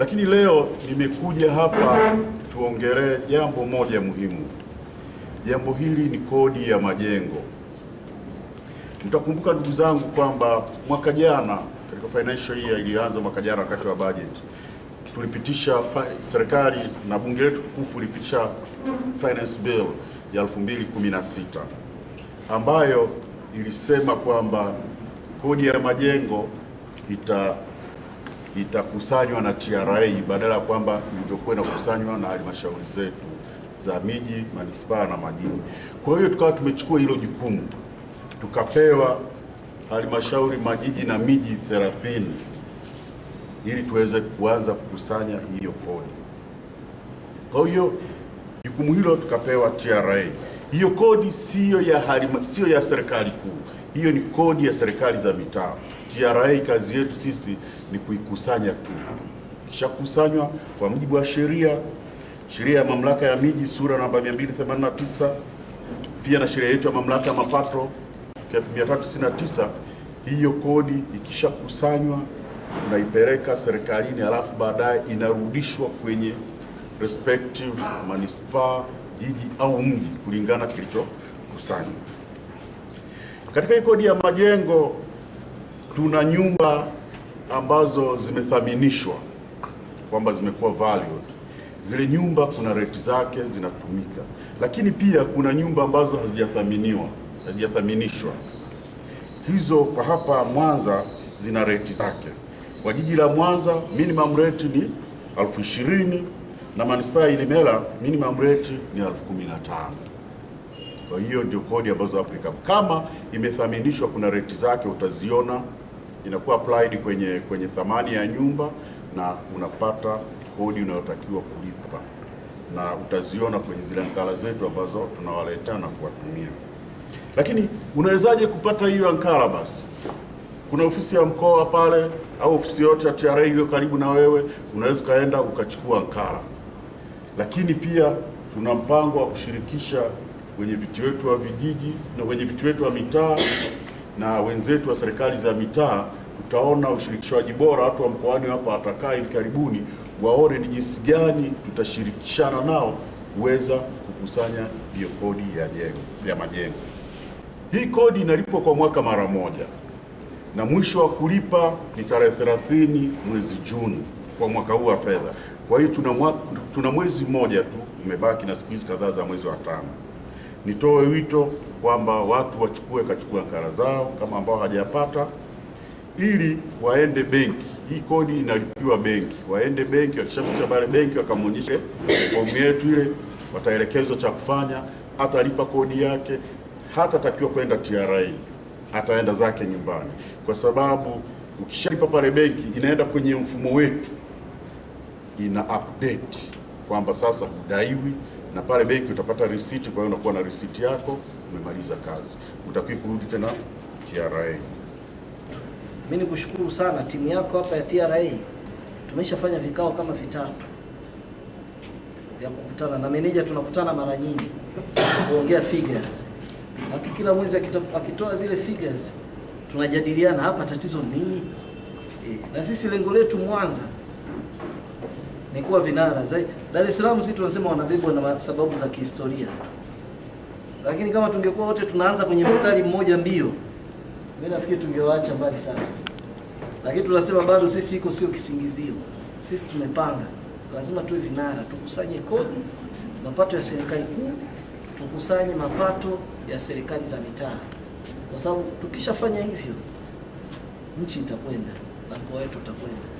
Lakini leo nimekuja hapa tuongelee jambo moja muhimu. Jambo hili ni kodi ya majengo. Mtakumbuka ndugu zangu kwamba mwaka jana katika financial year iliyoanza mwaka jana wakati wa budget tulipitisha serikali na bunge letu tukufu lipitisha finance bill ya 2016 ambayo ilisema kwamba kodi ya majengo ita itakusanywa na TRA badala ya kwamba ilivyokuwa inakusanywa na halmashauri zetu za miji, manispaa na majini Kwa hiyo tukawa tumechukua hilo jukumu tukapewa halmashauri majiji na miji 30 ili tuweze kuanza kukusanya hiyo kodi. Kwa hiyo jukumu hilo tukapewa TRA. Hiyo kodi siyo ya harima, siyo ya serikali kuu, hiyo ni kodi ya serikali za mitaa. TRA kazi yetu sisi ni kuikusanya tu, kishakusanywa kwa mujibu wa sheria sheria ya mamlaka ya miji sura namba 289 pia na sheria yetu ya mamlaka ya mapato 369 hiyo kodi ikishakusanywa unaipeleka serikalini, halafu baadaye inarudishwa kwenye respective manispaa jiji au mji kulingana kilichokusanywa. Katika ikodi kodi ya majengo tuna nyumba ambazo zimethaminishwa kwamba zimekuwa valued. Zile nyumba kuna rate zake zinatumika, lakini pia kuna nyumba ambazo hazijathaminiwa, hazijathaminishwa. Hizo kwa hapa Mwanza zina rate zake. Kwa jiji la Mwanza minimum rate ni elfu ishirini na manispaa ya Ilemela minimum rate ni elfu kumi na tano. Kwa hiyo ndio kodi ambazo applicable. Kama imethaminishwa kuna rate zake utaziona, inakuwa applied kwenye kwenye thamani ya nyumba na unapata kodi unayotakiwa kulipa, na utaziona kwenye zile ankara zetu ambazo tunawaletea na kuwatumia. Lakini unawezaje kupata hiyo ankara? Basi kuna ofisi ya mkoa pale au ofisi yote ya TRA hiyo karibu na wewe, unaweza ukaenda ukachukua ankara lakini pia tuna mpango wa kushirikisha wenyeviti wetu wa vijiji na wenyeviti wetu wa mitaa na wenzetu wa serikali za mitaa. Tutaona ushirikishwaji bora, watu wa mkoani hapa watakaa hivi karibuni waone ni jinsi gani tutashirikishana nao kuweza kukusanya hiyo kodi ya jengo, ya majengo. Hii kodi inalipwa kwa mwaka mara moja na mwisho wa kulipa ni tarehe 30 mwezi Juni kwa mwaka huu wa fedha. Kwa hiyo tuna, tuna mwezi mmoja tu umebaki na siku hizi kadhaa za mwezi wa tano. Nitoe wito kwamba watu wachukue kachukua ankara zao kama ambao hajapata, ili waende benki. Hii kodi inalipiwa benki, waende benki, wakishafika pale benki wakamwonyeshe fomu yetu ile, wataelekezwa cha kufanya, atalipa kodi yake, hatatakiwa kwenda TRA, ataenda zake nyumbani, kwa sababu ukishalipa pale benki inaenda kwenye mfumo wetu ina update kwamba sasa hudaiwi na pale benki utapata risiti. Kwa hiyo unakuwa na risiti yako, umemaliza kazi, utakiwi kurudi tena TRA. Mimi nikushukuru sana timu yako hapa ya TRA, tumeshafanya vikao kama vitatu vya kukutana na meneja, tunakutana mara nyingi kuongea figures, na kila mwezi akitoa zile figures tunajadiliana hapa tatizo nini e, na sisi lengo letu Mwanza ni kuwa vinara zaidi. Dar es Salaam sisi tunasema wanabebwa na sababu za kihistoria, lakini kama tungekuwa wote tunaanza kwenye mstari mmoja mbio, mimi nafikiri tungewaacha mbali sana, lakini tunasema bado sisi iko sio kisingizio. Sisi tumepanga, lazima tuwe vinara, tukusanye kodi, mapato ya serikali kuu, tukusanye mapato ya serikali za mitaa, kwa sababu tukishafanya hivyo nchi itakwenda na mkoa wetu utakwenda.